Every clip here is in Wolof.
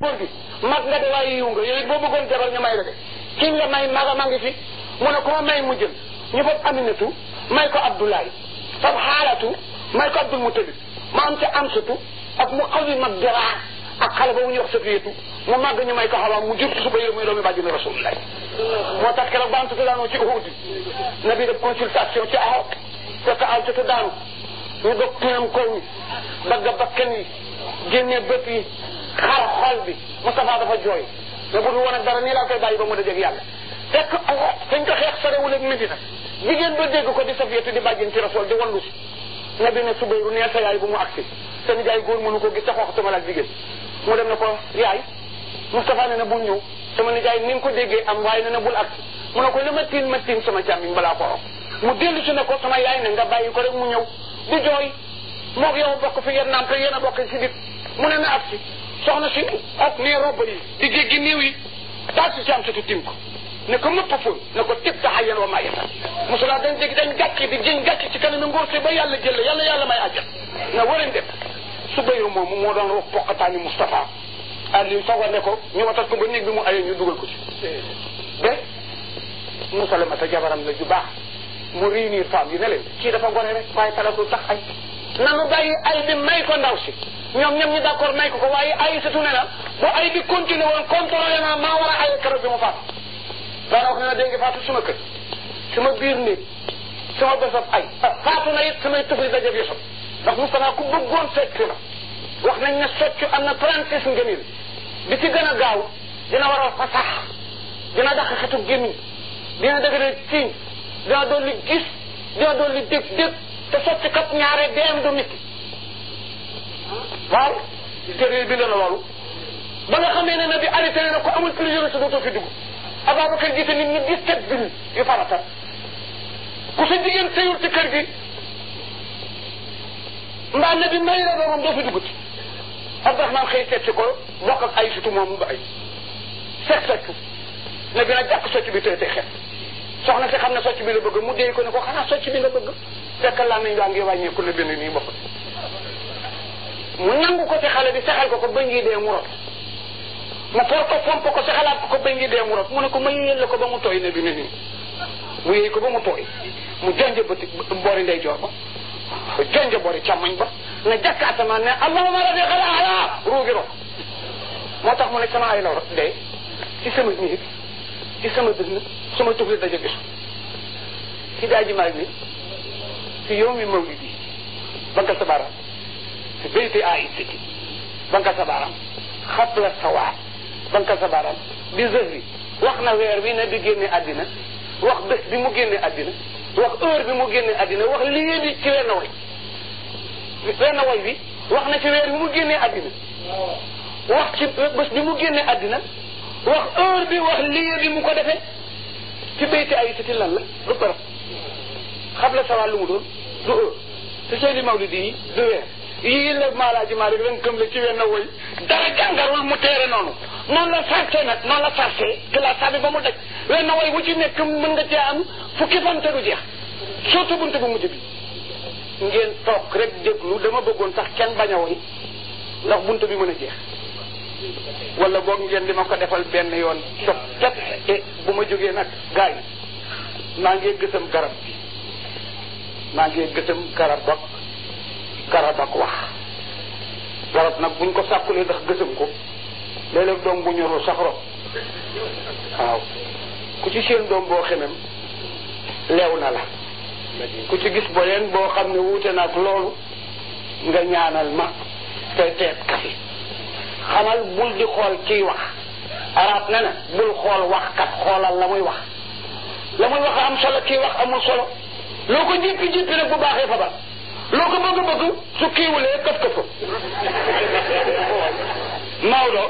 góor mag nga de waaye yiw nga yooyu boo bëggoon jabar ñu may la de ki nga may maga ma ngi fi mu ne ku ma may mu jël ñu fab aminatu may ko abdoulaye fab xaalatu may ko abdul ma am ca am satu ak mu xaw yi mag jaraa ak xale boobu ñuy wax safiyatu mu màgg ñu may ko xawaam mu jur suba yow muy doomi bàjjini rasulullah moo tax keroog ba am tutu daanoo ci uhuud na bi def consultation ci aho fekk am daanu ñu dog tiam bagga bakkan yi génnee bët yi xar xol bi Moustapha dafa jooy ne bu dul woon ak dara nii laa koy bàyyi ba mu dajeeg yàlla fekk dañ ko xeex sorewul ak Medina jigéen ba dégg ko di safiyatu di bàjjen ci rasool di wallu si nabi ne subayru nee yaay bu mu agsi seen jaay góor mënu ko gis sax waxtuma la ak jigéen mu dem ne ko yaay Moustapha ne na bul ñëw sama nijaay ni nga ko déggee am waay ne na bul agsi mu ne ko li ma tiin ma tiin sama càmmiñ balaa ko rob mu dellu si ne ko sama yaay ne nga bàyyi ko rek mu ñëw di jooy moog yow bokk fi ngeen naan te yéen a bokk si dit mu ne soxna si ak nee roba yi di jéggi néew yi daal si am sutu tim ko ne ko mëpp fóon ne ko tib taxa yen wa mayeta mosulaa dañ dégg dañ gàcce di jëñ gàcce ci kanam ngóor si ba yàlla jël yàlla yàlla may àjjat na warañ def su bayru moomu moo doon roog poqataani Moustapha Aliou Sow ne ko ñu watat ko ba néeg bi mu ayee ñu dugal ko ci ba Moussa Lamata jabaram la ju baax mu réunir femme yi ne leen kii dafa ngone rek waaye talatu tax nanu bàyyi ay bi may ko ndaw si ñoom ñoom ñu d'accord may ko ko waaye ay satu ne na bu ay bi continuer woon contrôlé naa maa war a ay keroog bi mu faatu daana wax ne na dégg nga faatu suma kër suma biir néeg suma bésab ay faatu na it samay tufli dajab yësam ndax Moustapha ku bëggoon seccu la wax nañ ne seccu am na trente-six ngëneel bi ci gën a gaaw dina war a fasax dina dax xetu gémmiñ dina dëgg ne siiñ dina doon li gis dina doon li dégg dégg te sotti kat ñaare deem du nit waaw téere bi na loolu ba nga xamee ne na bi arrêté na ko amul priorité dootoo fi dugg Ababacar jiite nit ñi gis kat biñ yu farata ku sa jigéen sëyul ci kër gi mbaa na bi may la doomam doo fi dugg ci Abdourahmane xëy seet si ko bokk ak ay sutu moom ba ay seet socc na bi nag jàpp socc bi tey tey xet soxna si xam ne socc bi la bëgg mu dee ko ne ko xanaa socc bi nga bëgg fekk nañ daa ngi wàññeeku ne bind nii bokkut mu nangu ko ci xale bi sexal ko ko ba ngi dee mu rot mu for ko fomp ko sexalaat ko ko ba ngi dee mu rot mu ne ko ma yëyal ko ba mu tooy ne bind nii mu yëy ko ba mu tooy mu jonj bëti boori ndeyjoor ba jonj boori càmmoñ ba na jàkk asamaan ne allahuma rabbi xala ala ruugi rot moo tax mu ne sama ay la rot ndey ci sama niit ci sama dënn sama tufli daje bisu ci daaji maag ni في يوم مولده بنك سبارة في بيت عائشتي بنك سبارة خطل السواع بنك سبارة بزهري وقنا غير بينا بجيني أدنى وقت بس بمجيني أدنى وقت أور بمجيني أدنى وقت ليه بكلا نوي بكلا نوي بي وقنا كبير بمجيني أدنى وقت بس بمجيني أدنى وقت أور بي وقت ليه بمكدفة في بيت عائشتي لن لا بطرف xabla sawaal lu mu doon du heure te seydi mawlidi yi du weer yii la maalaaji Maalik ren gëm la ci wenn woy dara jàngarul mu teere noonu noonu la sarse nag noonu la sarse classa bi ba mu daj wenn woy wu ci nekk mën nga cee am fukki fan te du jeex surtout buntu bu mujj bi ngeen toog rek déglu dama bëggoon sax kenn bañ a woy ndax buntu bi mën a jeex wala boog ngeen di ma ko defal benn yoon sopp tet eh, bu ma jógee nag gars yi maa ngeen gësam garab maa ngi gëtëm karabak karabak wax warab nag buñ ko sàkkulee ndax gëtëm ko léeg doom bu ñorul sax rob waaw ku ci seen doom boo xemem leew na la ku ci gis bo leen boo xam ne wuute na ak loolu nga ñaanal ma te teet kasi xamal bul di xool ciy wax arab ne na bul xool waxkat xoolal la muy wax la muy wax a am solo ciy wax amul solo loo ko jippi jippi nag bu baaxee fa loo ko bëgg bëgg su kiiwulee këf këf ko Maodo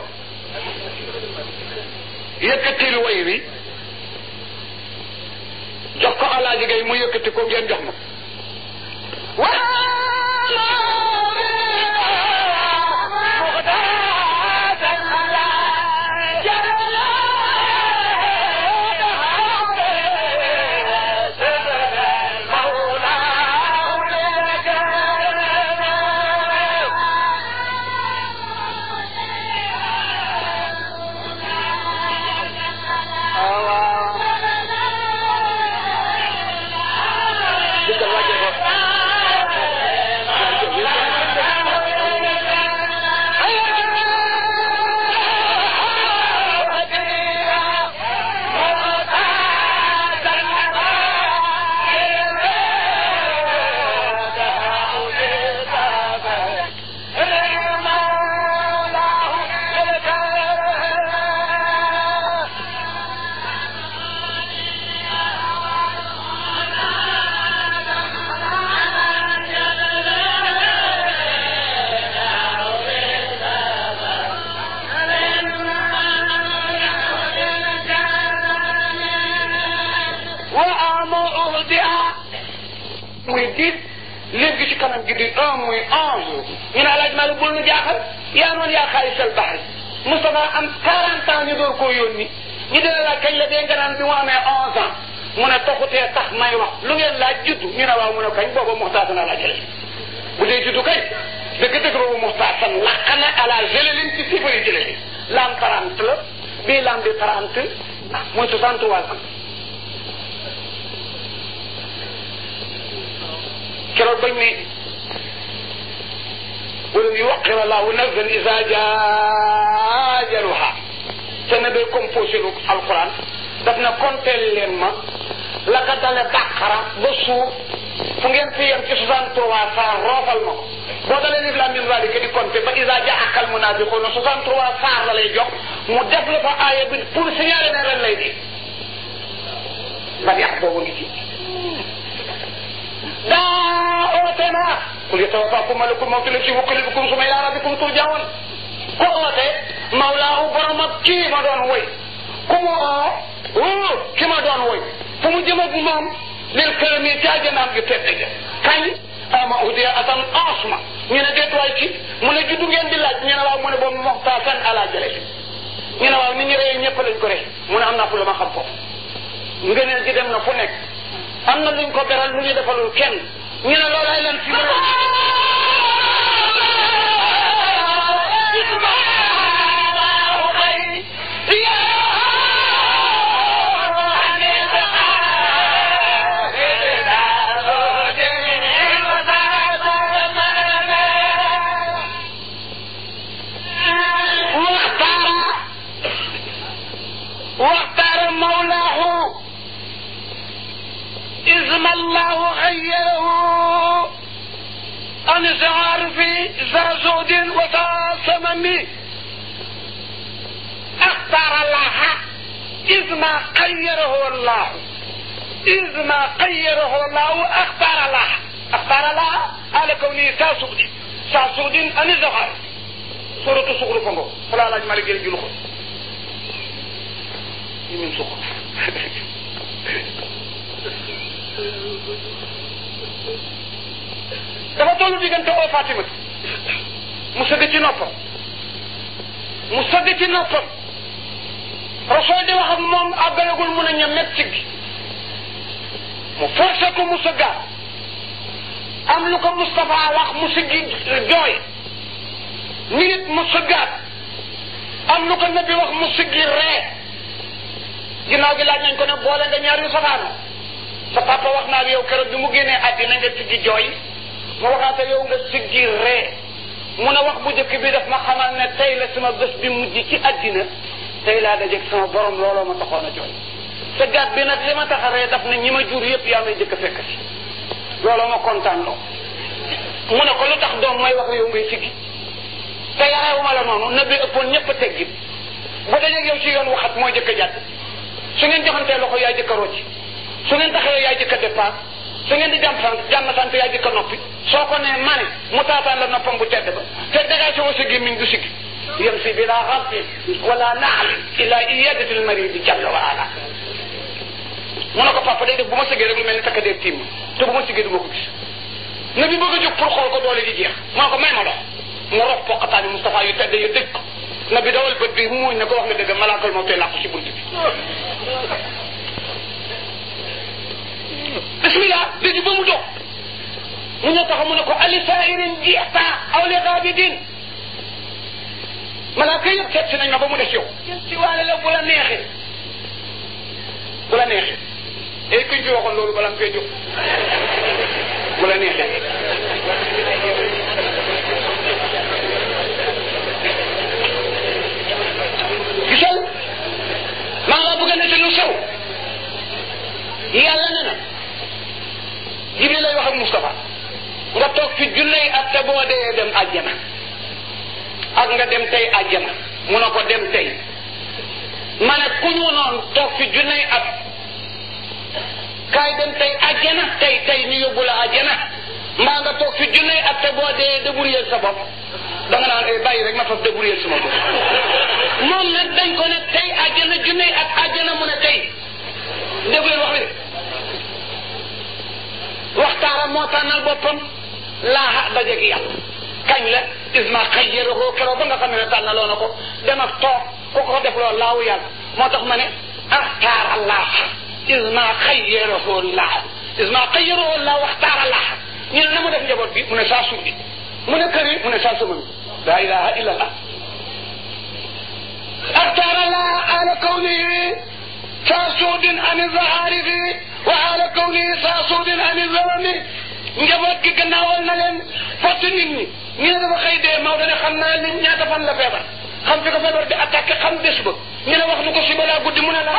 yëkkatil way wi jox ko alaaji gay mu yëkkati ko ngeen jox ma jaaxal yaa noonu yaa xaalisal baxri Moustapha am 40 ans ñu door koo yónni ñu dina laaj kañ la dee nga naan bi mu amee 11 ans mu ne taxutee tax may wax lu ngeen laaj juddu ñu ne waaw mu ne kañ booba muxtaar dana la jëlee bu dee juddu kañ dëgg-dëgg boobu muxtaar na à la jëlelin ci si fay jëlelin lam 30 la bii lam bi 30 mooy قل يوقر الله نفسا إذا جاء أجلها سنبي كومبوسي القرآن دفنا كونتيل لما لقد دل تأخر بصور فنجن في يمكي سوزان تروسا روف المو بدل أن يبلا من ذلك دي كونتيل فإذا جاء أكل منازقون سوزان تروسا للي جو مدفل فآية بل كل سيارة نرى اللي دي بل يحبوه نجي دا أوتنا qul yatawaffakum malakul mawti allazii wukkila bikum summa ilaa rabbikum turja'uun ku oote mawlaahu borom ab kii ma doon woy ku mu oo wóor ki ma doon woy fu mu jëm ak moom lil këram yi jaajënaam gi tedd ja kañ ama udiya atan asma mu ne juddu ngeen di laaj ñu ne waaw mu ne boobu moxtaasan ala jële ñu ne waaw nit ñi rey ñëpp lañ am naa fu la ma xam ko ngëneel gi dem na fu nekk am na luñ ko beral lu ñu defalul kenn ñu ne loolu ay lan ci الإسلامي اختار الله إذ ما قيره الله إذ ما قيره الله اختار الله اختار الله على كوني ساسودين ساسودين أني زغر سورة سورة كونغو فلا لا جمال جيل جلوخ يمين سوخ dafa tollu diggante أو Fatima mu sëgg mu sëgg ci noppam rasul di wax ak moom àggalagul mun a ñamet siggi mu forcé ko mu sëggaat am lu ko Moustapha wax mu siggi jooy nit mu sëggaat am lu ko nabi wax mu siggi ree ginnaaw gi laaj nañ ko na boole nga ñaar yu safaanu sa papa wax naa yow keroog bi mu génnee àddina nga siggi jooy mu waxaat yow nga siggi ree mun ne wax bu njëkk bi daf ma xamal ne tey la sama bés bi mujj ci addina tey laa dajeeg sama borom looloo ma taxoon a jooy te gàtt bi nag li ma tax daf na ñi ma jur yëpp yaa may jëkk fekk si looloo ma kontaan loo mu ne ko lu tax doom may wax yow ngay siggi te yarewuma la noonu na bi ëppoon ñëpp a teggi bu dajeeg yow ci yoon waxat mooy jëkk a jàdd su ngeen joxantee loxo yaay jëkk a su ngeen taxawee yaay jëkk a départ su ngeen di jàmm sant jàmm sant yaay di ko noppi soo ko nee mane mu taataan la noppam bu tedd ba te dagaa si wa si gémmiñ du siggi yem si bila xamti wala naal ila iyadatil maridi jalla wa ala mu ne ko papa day def bu ma sëggee rek lu mel ni takk dee tiim te bu ma sëggee du ma ko gis na bi bëgg a jóg pour xool ko doole di jeex mu ne ko may ma dox mu rof poqataani Moustapha yu tedd yu dëj ko na bi dawal bët bi mu muñ ne ko wax nga dëgg malaakal moo tey làqu si bunt bi بسم الله لدي بمجو من يتهمونك على سائر جيحتا او لغابد ملا كيب كيب سنين ما بمجو ينسي والا لو بلا نيخي بلا نيخي ايه كنت يوقن لولو بلا نيخي بلا نيخي tax nga dem tey àjjana mu ne ko dem tey ma ne ku ñu noonu toog fi junney at kaay dem tey àjjana tey tey ñu yóbbu la àjjana mbaa nga toog fi junney at te boo dee débrouiller sa bopp da nga eh, bàyyi rek ma faf débrouiller sama bopp moom nag dañ ko ne tey àjjana junney at àjjana mu ne tey déglu wax bi moo tànnal boppam laaxa dajeeg yàlla kañ la isma xayyarahu keroog ba nga xam ne tànnaloo na ko dem ak toog ku ko def loolu laawu yàlla moo tax ma ne axtaar allah isma xayyarahu allah isma xayyarahu allah waxtaar allah ñu ne na mu def njaboot bi mu ne saa suuf bi mu ne kër yi mu ne saa sama bi laa ilaha illa allah axtaar allah ala kawnihi saa suudin an zahaarihi wa ala kawnihi saa suudin an zalami njaboot gi gannaawal na leen fottu nit ñi ñu ne dafa xëy dee Maodo ne xam naa ne ñaata feebar xam fi ko feebar di attaqué xam bés ba ñu ne wax nu ko suba guddi mu ne la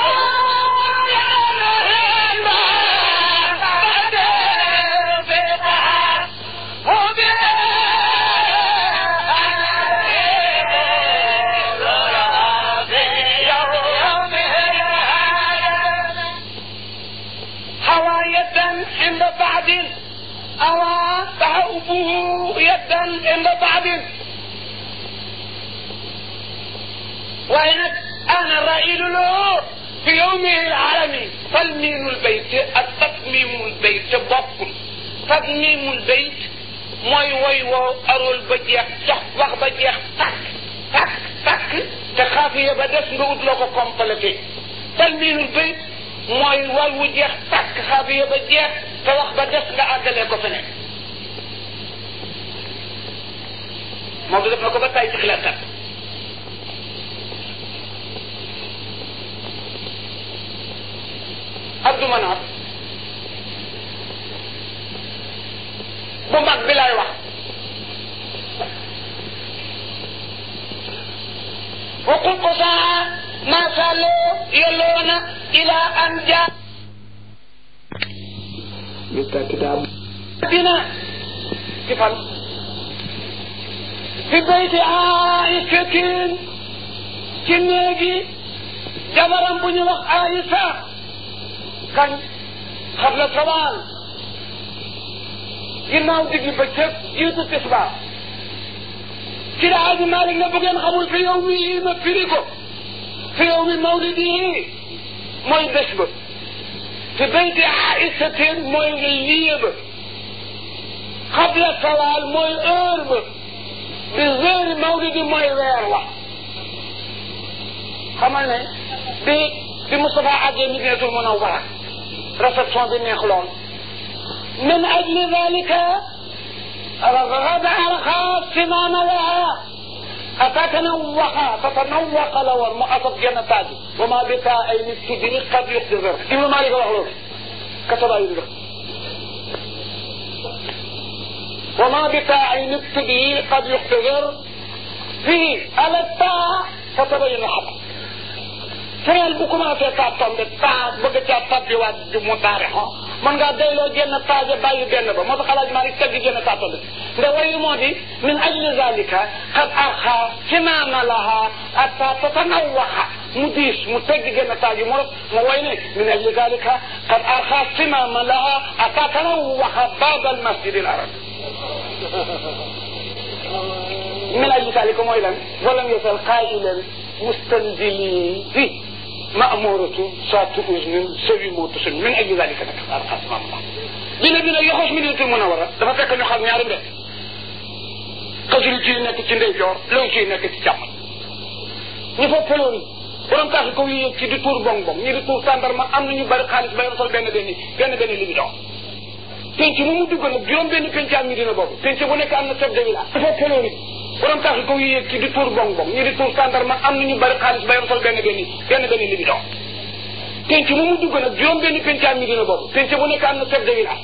الان بعدين وهناك انا رائد الامور في يومه العالمي تلميم البيت التقميم البيت بطل تقميم البيت موي وي وو ارو البيت يخ تخ بيت يخ تك تك تك تخافي يا بدس نقول لك كومبليتي تلميم البيت موي وي وجيخ تك خافي يا بدس توخ بدس نعدل يا كوفينيك moom du def na ko ba tay ci xilaatat Abdou Manaf bu mag bi lay wax وقل قصاها ما سالوا يلون إلى أن جاء بنا كفال بيت عائشة كنيجي جبرا بني وق عائشة كان خبل طوال ينام تجي بجب يوتو تسبا كلا عادي مالك نبغي قبول في يومي ما في في يوم مولده ما يدشب في بيت عائشة ما يغيب قبل صلاة ما يغرب بغير مولد ما يروح xamal ne bi bi Moustapha àggee Madinatul Munawwara réception bi neex lool من أجل ذلك رغب أرخى سنان لها أتتنوق تتنوق لو المؤسس جنة تاجي وما بتاعي أي نسجد قد يقدر إبن مالك وحلول كتب أيضا وما بفاعل نفس به قد يحتضر به ألتا فتبين الحق سنة البكومة في تابتون بتا بقيت تابي واد مطارع من قال ده لو جينا تاجي باي جينا ما تخلج ماري تجي جينا تابتون ده وين مودي من أجل ذلك قد أخا كمام لها أتا تتنوها مديش متجي جينا تاجي مور موينه من أجل ذلك قد أخا كمام لها أتا تنوها بعض المسجد الأرض minaj misaal yi ko mooy lan walam yasal qailan mustandili fi ma'muratu saatu usnin sawi muutusun min ajli zalika nag alxasmamla bi la dina yoxoos mi nitul mën a war a dafa fekk ñu xam ñaari mbir xasul ci nekk ci ndeyjoor law ci nekk ci càmmoñ ñu fa pëloon borom kaas kaw yi yëg ci di tuur bong bong ñi di tuur tàndarma am na ñu bari xaalis yor penc mu mu duggoon ak juróom benn penc am ñu dina boobu penc bu nekk am na chef de village dafa colori borom tax ko yéeg ci di tuur bong bong ñu di tuur sandarma am na ñu bari xaalis ba yor sol benn benn benn benn bi dox penc mu mu duggoon ak juróom benn penc am mi dina boobu penc bu nekk am na chef de village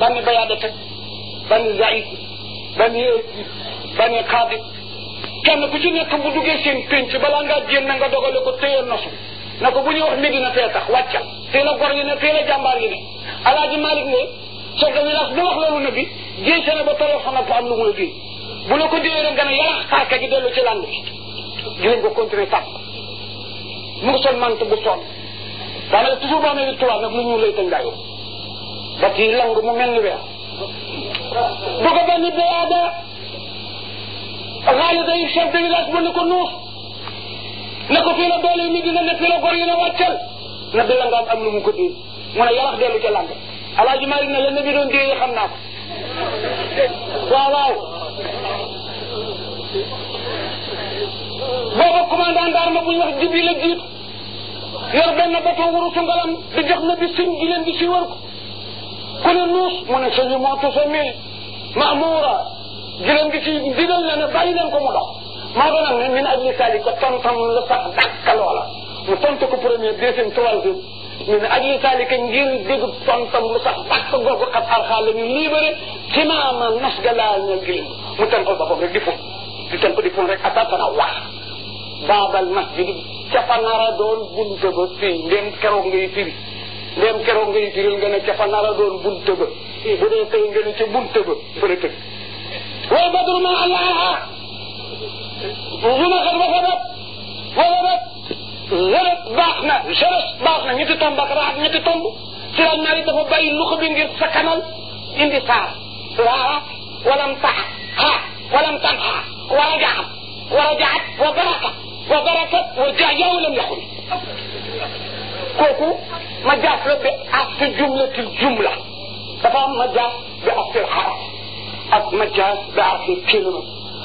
banni bayaada teg banni zaïd banni banni xaatib kenn ku ci nekk bu duggee seen penc balaa ngaa génn na nga dogale ko téye nosu na ko bu ñuy wax Medina tee tax wàccal tee la gor yi ne tee chef de bi wax loolu na bi génte ba toloo fa nag am lu mu la bu la ko déyee rek gën a yarax xaaka gi dellu ci lànd bi dinañ ko continuer tàpp mu ngi sol mante bu soon daanaka toujours boo amee tubaab nag lu ñu lay tañ ni weer bu ko benn bayaada xaali day chef de village ba ne ko nuus ne ko fii la doole yi mi dina ne fii la gor yi ne wàccal na bi la nga am lu mu ko déy mu ne yarax dellu ca lànd alaaji Malick ne la nabi doon déye xam naa ko waaw waaw booba commandant d'arme bu ñu wax jibi la jiit yor benn bato wuru tungalam di jox na bi sin di leen di si ko ku ne nuus mu ne sañu moo tusa mil maamura di leen di si ndigal na ne bàyyi leen ko mu dox maa doon am ne min ajli sali ko tontam lu sax dàkka loola mu tontu ko premier deuxième troisième nee na aji saalika ngir dégg tontam lu sax pàcc googu xat arxaal la ñu libéré ximaama nas ga laa na gëlim mu tënkal boppam rek di ful di tënk di ful rek attaque na wax baabal masjid cafanara doon bunte ba fii ndem keroog ngay firi ndem keroog ngay firil nga ne cafanara doon bunte ba hmm. bu dee tey nga ne ca bunte ba fële tëj waaye badru ma allah jeunesse baax na ñetti tomb ak raat ñetti tomb ci la mari dafa bàyyi lu ko bi ngir sakkanal indi saar waa walam tax ha walam tax ha ورجعت ورجعت وبركت وبركت ورجع ولم يخل كوكو ما جاء بأصل جملة الجملة تمام ما جاء بأصل الحرف أك ما جاء بأصل الكلمة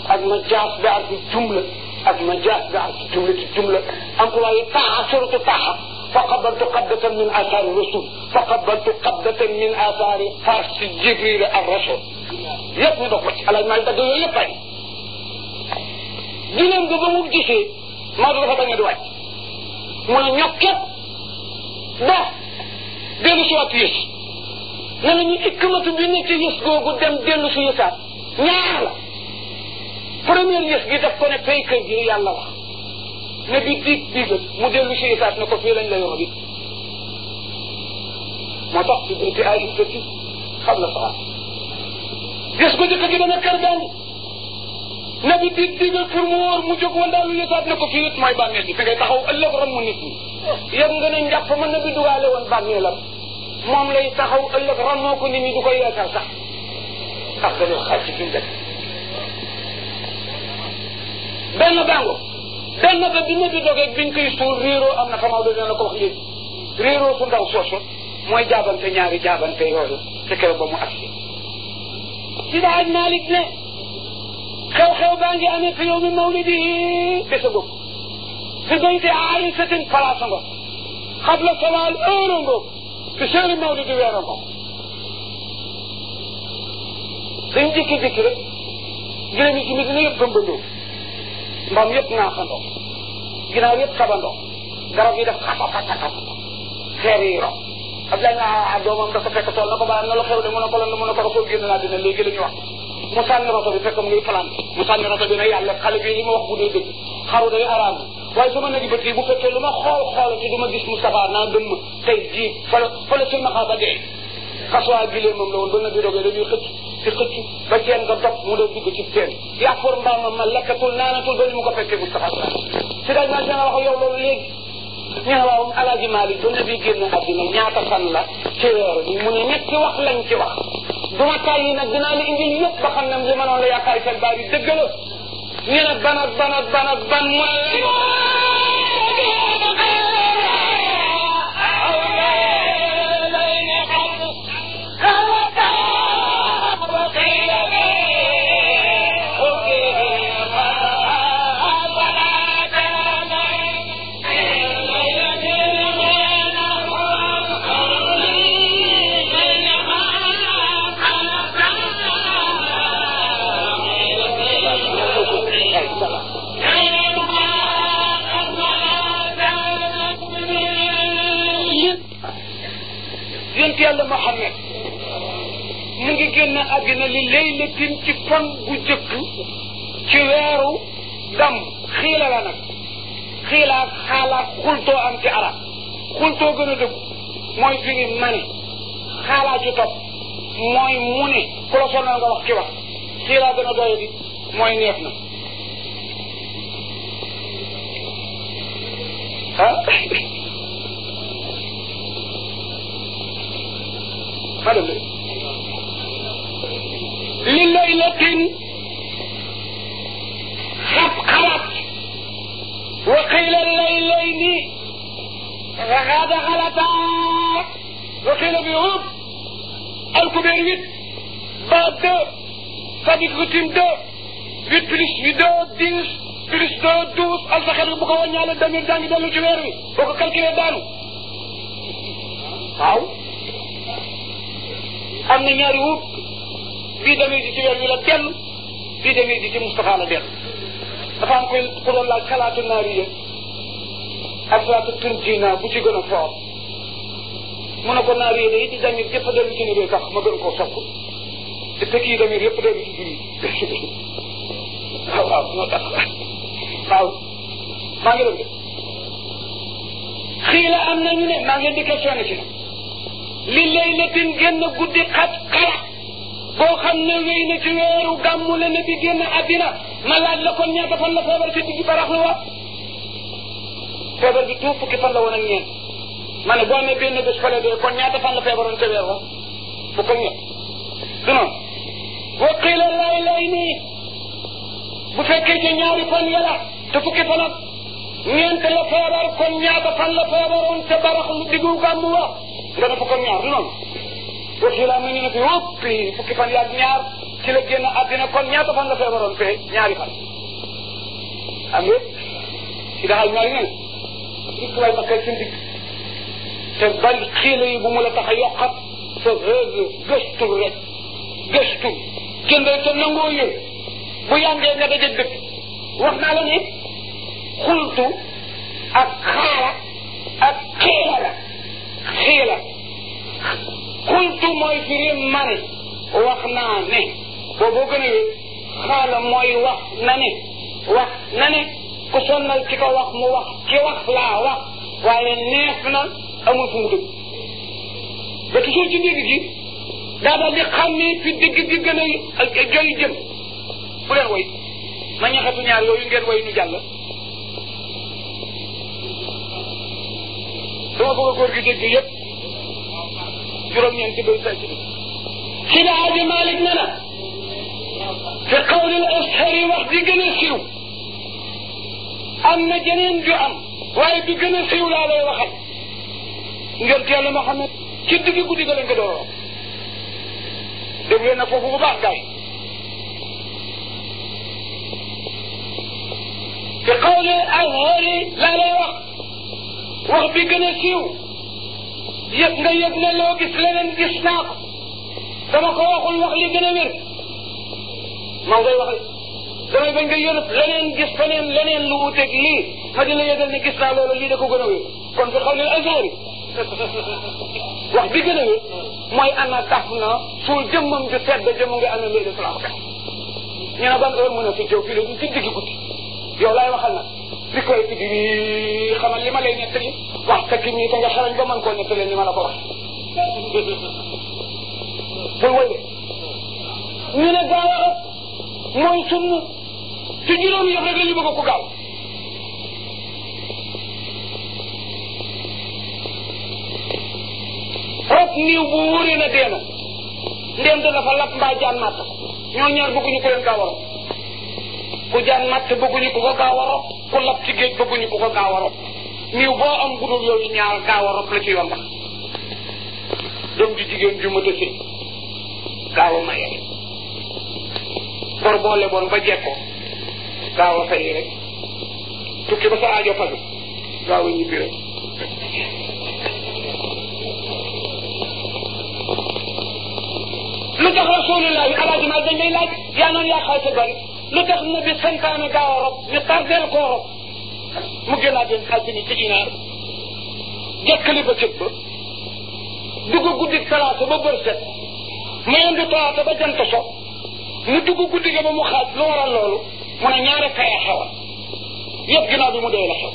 أك ما جاء بأصل الجملة المجاز بعد جملة الجملة أنقوا يطاعة سورة طاعة فقبلت قبضة من آثار الرسول فقبلت قبضة من آثار فرس جبريل الرسول yëpp ñu dox ko ci alal maal dagg yooyu yëpp ay gileem ga ba mu gisee Maodo dafa bañ a di wàcc mu ne ba dellu si waat yës ne nañu ikkamatu bi nekk yës dellu si yësaat ñaar la première yëf bi daf ko ne fay kër gi yàlla wax ne bi dig digal mu dellu si isaat ne ko fii lañ la yoon bi moo tax di béykat ay ubbati xam la sax gis ko njëkk gi dana kër daanu ne bi dig digal pour mu wóor mu jóg wandaalu yeesaat ne ko fii it mooy bàmmeel bi fi ngay taxaw ëllëg ram mu nit ñi. yëg nga ne njàpp mën na bi dugaale woon bàmmeelam moom lay taxaw ëllëg ram moo ko nit ñi du ko yeesal sax ak dana xàcc bi mu benn bàngo benn ba bi ñu di dogee biñ koy suur réeroo am na xamaa dañu la ko wax léegi réeroo su ndaw soosu mooy jaabante ñaari jaabante yooyu ci keroog ba mu agsi sida aj malik ne xew-xew baa ngi amee fi yow mi mawlidi bés a ngoog fi bayti aisatin place a ngoog xabla sawal heure a ngoog fi seeri mawlidi weer a ngoog dañ jékki-jékki rek gërëm yi ci nit ñi yëpp gëmbandoo mbaam yëpp ŋaaxandoo ginnaaw yëpp xabandoo garab yi def xapapatakap xeer yi ro Abdoulaye naa ah, ah, doomam na ko baa na la xew de mu ne ko lan mu ne ko rasoo génn naa dina léegi la ñu wax mu sànni roto bi fekk mu ngi plan mu sànni roto bi ne yàlla xale bi li ma wax bu dee dëgg xaru day araam waaye sama nagi bët yi bu fekkee lu ma xool xool ci du ma gis Moustapha naa gën ma tey jii fala fala silmaxaa ba dee xasuwaa gilee moom la woon ba na bi dogee dañuy xëcc di xëcc ba jeen nga dog mu dee dugg ci teen yàppor mbaamam ma lekkatul naanatul ba ni mu ko fekkee Moustapha a si dañ ma dana wax yow loolu léegi ñu ne waaw Alaaji Maalik ba nabi génn àddina ñaata fan ci weer bi mu ne ñetti wax lañ ci wax duma tàyyi nag dinaa la indil yëpp ba xam ne li ma noonu la yaakaar seen baar yi dëgg la ñu ne banat banat banat ban mu ne يكمل ها هذا لليلة سبقرت وقيل الليلين هذا غلطا وقيل بيوم الكبير 8 بعد 2 فبكتين غتيم huit plus huit deux dix plus deux douze al sa bu ko wàññaale demir daa ngi ci weer wi boo ko calculé daanu waaw am na ñaari wut bii demir di ci weer wi la dellu bii demir di ci Moustapha la dellu dafa am koy ku doon laaj xalaatu naari yë ak xalaatu tuntina bu ci gën a foor mu ne ko naari yë day di demir yëpp dellu ci ni sax ma gën koo sopp te kii demir yëpp dellu ci juri waaw waaw maa ngi la am nañu ne maa ngi leen di questionné ci li guddi xat xara boo xam ne wéy na ci weeru gàmmu la ne bi génn àddina ma laaj la kon ñaata fan feebar ci digg barax la wax feebar bi tout fukki fan la woon ak ñeent ma ne boo amee benn bés fële dee kon ñaata fan la feebaroon weer wa fukk ak ñett du noonu wa qila lay lay nii bu fekkee ci ñaari fan ya la te fukki fan ak ñeent la feebar kon ñaata fan la feebaroon te barax diggu gàmmu wa nga ne fukk ak ñaar du noonu aussi la mu ñu ne fi wóppi fan yaag ñaar ci la génn àddina kon ñaata fan la feebaroon fee ñaari fan am nga si daxal ñaari ñen dikk waay kay seen te ban xiila yi bu mu la tax a yokkat sa gëstu rek gëstu kenn day te nangoo yëg bu yàngee nga daje dëkk wax naa la ni xultu ak xaala ak xiila la xiila xultu mooy firi man wax na ne wax na ne ku sonnal ci ko wax mu wax ci wax laa wax waaye neex na amul mu dëgg ba toujours ci dégg gi daa daal di ni fi dëgg gi gën a joy jëm bu leen woy ma ñaxatu ñaar yooyu ngeen woy ñu jàll dama bëgg a góor gi dégg yëpp juróom-ñeenti ci bi si la Haaji Malick ne na fi qawlil ashari wax di gën a siiw am na jeneen ju am waaye bi gën a siiw laa lay waxal ngeen teel Muhammad ci digg guddi ga lañ ko dooroo déglu na foofu bu baax gaay بقوله أظهري لا لا وقت وغبي قنسيو يبنى يبنى لو قسلنا نقسناق دما كواخو الوخلي قنمر موضوع وخلي دما يبنى يرب لنين قسلنا لنا نلوتك لي هذي اللي يدل نقسنا لولا اللي دكو قنوي كون بقوله الأظهري wax bi gën a wér mooy ana جمم na جمم jëmmam ju sedd jëmm nga ana léegi su la ñu ne ban heure mu ne fi jëw fii la ci digg guddi yow laay waxal nag li koy tuddi nii xamal li ma lay nettali wax ka nga xarañ ba mën koo nettali ni ma la ko bul woy de ne gaaw a rab mooy sunn ci la ñu bëgg ko gaaw rab niiw bu na deena ndéem dana lap mbaa jaan màtt ñoo ñaar bëgguñu ko leen gaaw ku jaan matt bëgguñu ku ko gaaw a rob ku lab ci géej bëgguñu ku ko gaaw a rob niw boo am gudul yooyu ñaar gaaw a rob la ci yoon ba jigéen ju mata gaaw a maye bor boo leboon ba jekko gaaw a fay rek tukki ba sa aajo faju gaaw a ñibbi rek lu tax rasulullah yi dañ lay laaj yaa noonu yaa xaalis bari lu tax na bi santaane gaaw a rob ñu tardeel koo rob mu gën a jëm altine ci inaar jekkali ba cëg ba dugg guddi talaata ba bër set mu indi talaata ba jant so mu dugg guddi ga ba mu xaaj loolu mu ne ñaari kaya xewa yëpp ginnaaw bi mu doy la xew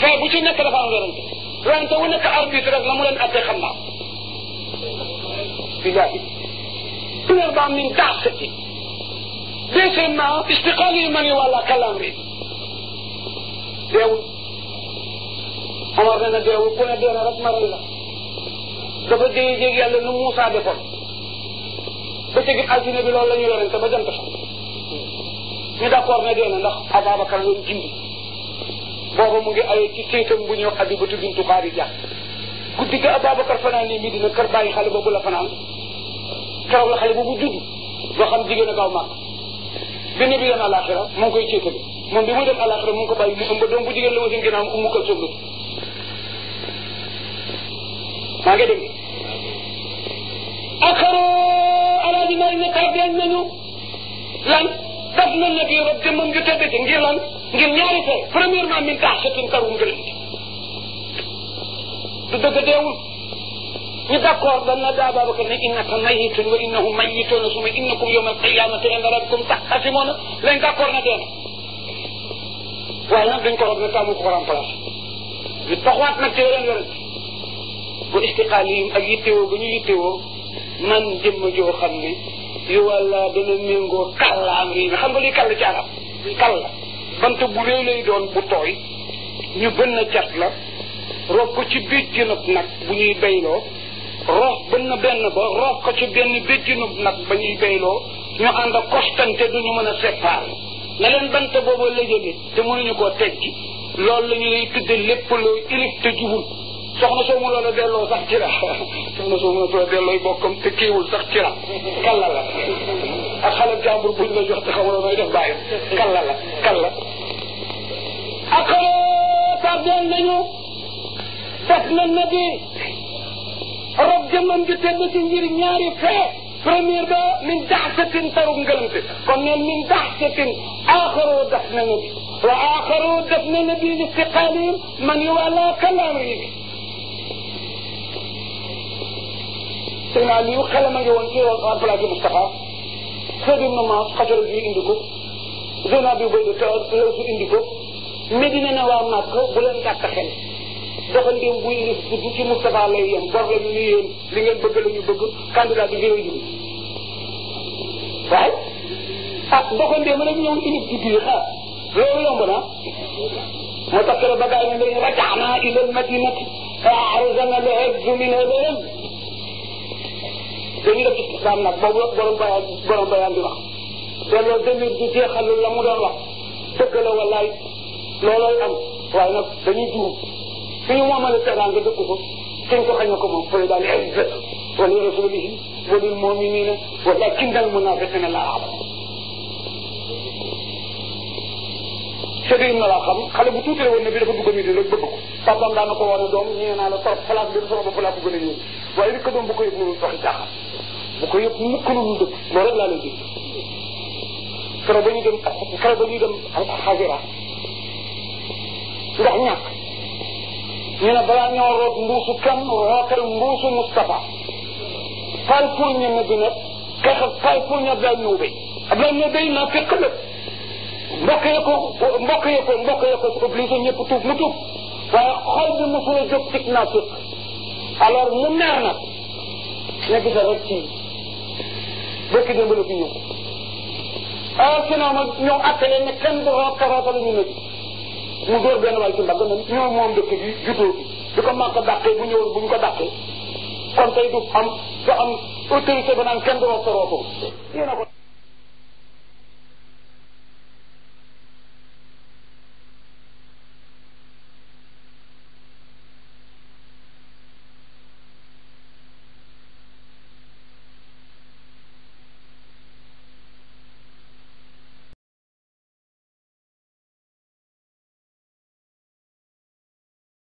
fee bu ci nekk dafa am werante werante wu nekk arbitre rek la mu leen atte xam naa billahi une heure ba am daax sëti deuxièmement maa istiqaal yi ma ne wàlla kàllaam bi deewul Omar nee na deewul ku ne dee na rek ma rey la dafa jéegi jéegi yàlla nu Moussa defoon ba ci altine bi loolu la ñu yorente ba jant fa ñu d'accord ne dee na ndax Ababacar ñoom jindi booba mu ngi ay ci séytam bu ñëw abi ba tuddintu xaari jàpp guddi ga Ababacar fanaan nii mii dina kër bàyyi xale boobu la fanaan keroog la xale boobu judd nga xam a gaaw bi ne bi yoon àllaaxira mu ngi koy ciital moom bi muy dem àllaaxira mu ngi ko bàyyi mu ëmb doom bu jigéen la wasin ginnaaw ummu kal soblu maa ngi dégg akaro alaaji maa ne tay deñ nañu lan daf na nabi rob jëmmam ju tedd ci ngir lan ngir ñaari fay premièrement min tax setin karum gëlënt du dëgg deewul ñu d' accord dan na daa Babacar ne innaka mayitun wa innahum mayituna suma innakum yawma alqiyamati inda rabbikum taxtasimuna lañ d' accord na deen waaye nag duñ ko rob na taamu ko remplacé ñu taxawaat nag ci yeneen wérat bu istiqaal yi ak yittewoo bu ñu yittewoo man jëmm joo xam ni yu wàlla dana méngoo kàlla am rii xam nga liy kàll ci arab kàll bant bu réew lay doon bu tooy ñu bën cat la rob ko ci biij gi nag bu ñuy bayloo roof bënn benn ba roof ko ci benn béjjinu nag ba ñuy béyloo ñu ànd a kostante duñu mën a sépaar na leen bant boobu la jóge te mënuñu koo teggi loolu la ñu lay tudde lépp loo ilif te jubul soxna soo mënoo la delloo sax ci la soxna soo mënoo la dellooy bokkam te kiiwul sax ci la kalla la ak xale jàmbur buñ la jox te xamaloo nooy def bàyyi kalla la kalla ak xale tàbboon nañu def na nabi rob jëmmam ju tedd ci ngir ñaari fee première ba min daxsatin tarug ngëlante kon neen min daxsatin aaxaro daf na nabi wa aaxaro daf na nabi listiqaalihim man yu wala kalaam yi sëñ Aliou xelam a ngi woon ci woon place Moustapha Seydi Ibn Maas xajaru bi indi ko zona bi bëgg te indi ko Medina ne waa Màkk bu leen gàtt doxandeem bu ñu def ci Moustapha lay yem bor la ñu yéen li ngeen bëgg la ñu bëgg candidat bi gën a jub waaye ah doxandeem rek ñoom unité ci biir ah loolu yomb na moo tax keroog ba gars yi ñu rajaana ila almadinati fa arzana lahaddu min hadalam dañu def istislam nag boobu borom bayaan borom bayaan di wax delloo demir du jeexal la mu doon wax dëgg la wallaay loolooy am waaye nag dañuy juum سنو ما مالو تغان دي كوكو سنو كو خاني كوما فلي دال عز ولي رسوله ولي المؤمنين ولكن دال منافقين لا اعلم سيدنا لا خام خالي بو توتي ون نبي دا بوغو ميدي رك بوغو بابام دا نكو وانا دوم ني نالا تو خلاص دي سو بوغو لا بوغو ني واي ريك دوم بوكو يبنو فخي تاخا بوكو يب مكنو نون دك لو رك لا لا دي كرو بني دم كرو بني دم حاجه راه ndax ñak ñu ne balaa root mbuusu kan rootal mbuusu Moustapha fal pour ñu mu dina kexe fal pour ñu Abdoulaye Ndoumbé Abdoulaye Ndoumbé naa fekk la mbokk ya ko mbokk ya ko mbokk ya ko obligé ñëpp tuub mu tuub waaye xol bi mosul a jóg tig naa fekk alors mu meer ne gisa rek ci bëkk démb la fi ñëw alors ah, ma ñëw attale ne kenn du rootal rootalu ñu ne mu dóor benn waay ci a nan yow moom dëkk bi juddoo bi di ko màgg dàqee bu ñëwoon bu ñu ko dàqee kon tey du am du am autorité ba naan kenn du wax sa rootoo